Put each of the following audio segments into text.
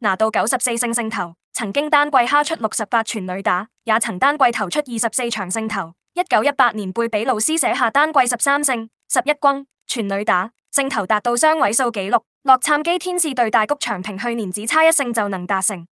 拿到九十四勝勝投，曾經單季敲出六十八全壘打，也曾單季投出二十四場勝投。一九一八年貝比魯斯寫下單季十三勝十一轟全壘打，勝投達到雙位數紀錄。洛杉磯天使隊大谷長平去年只差一勝就能達成。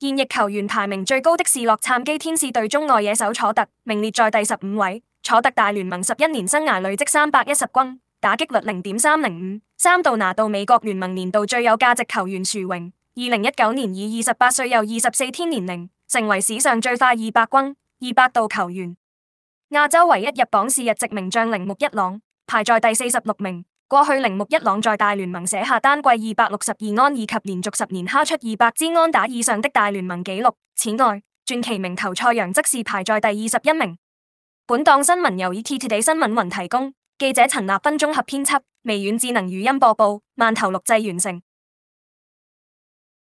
現役球員排名最高的是洛杉磯天使隊中外野手楚特，名列在第十五位。楚特大聯盟十一年生涯累積三百一十轟，打擊率零點三零五，三度拿到美國聯盟年度最有價值球員殊榮。二零一九年以二十八歲又二十四天年齡，成為史上最快二百轟、二百盜球員。亞洲唯一入榜是日籍名將鈴木一朗，排在第四十六名。過去鈴木一朗在大聯盟寫下單季二百六十二安以及連續十年敲出二百支安打以上的大聯盟紀錄。此外，傳奇名投賽揚則是排在第二十一名。本檔新聞由 ETtoday 新聞雲提供，記者陳立芬綜合編輯，微軟智能語音播報，萬頭錄製完成。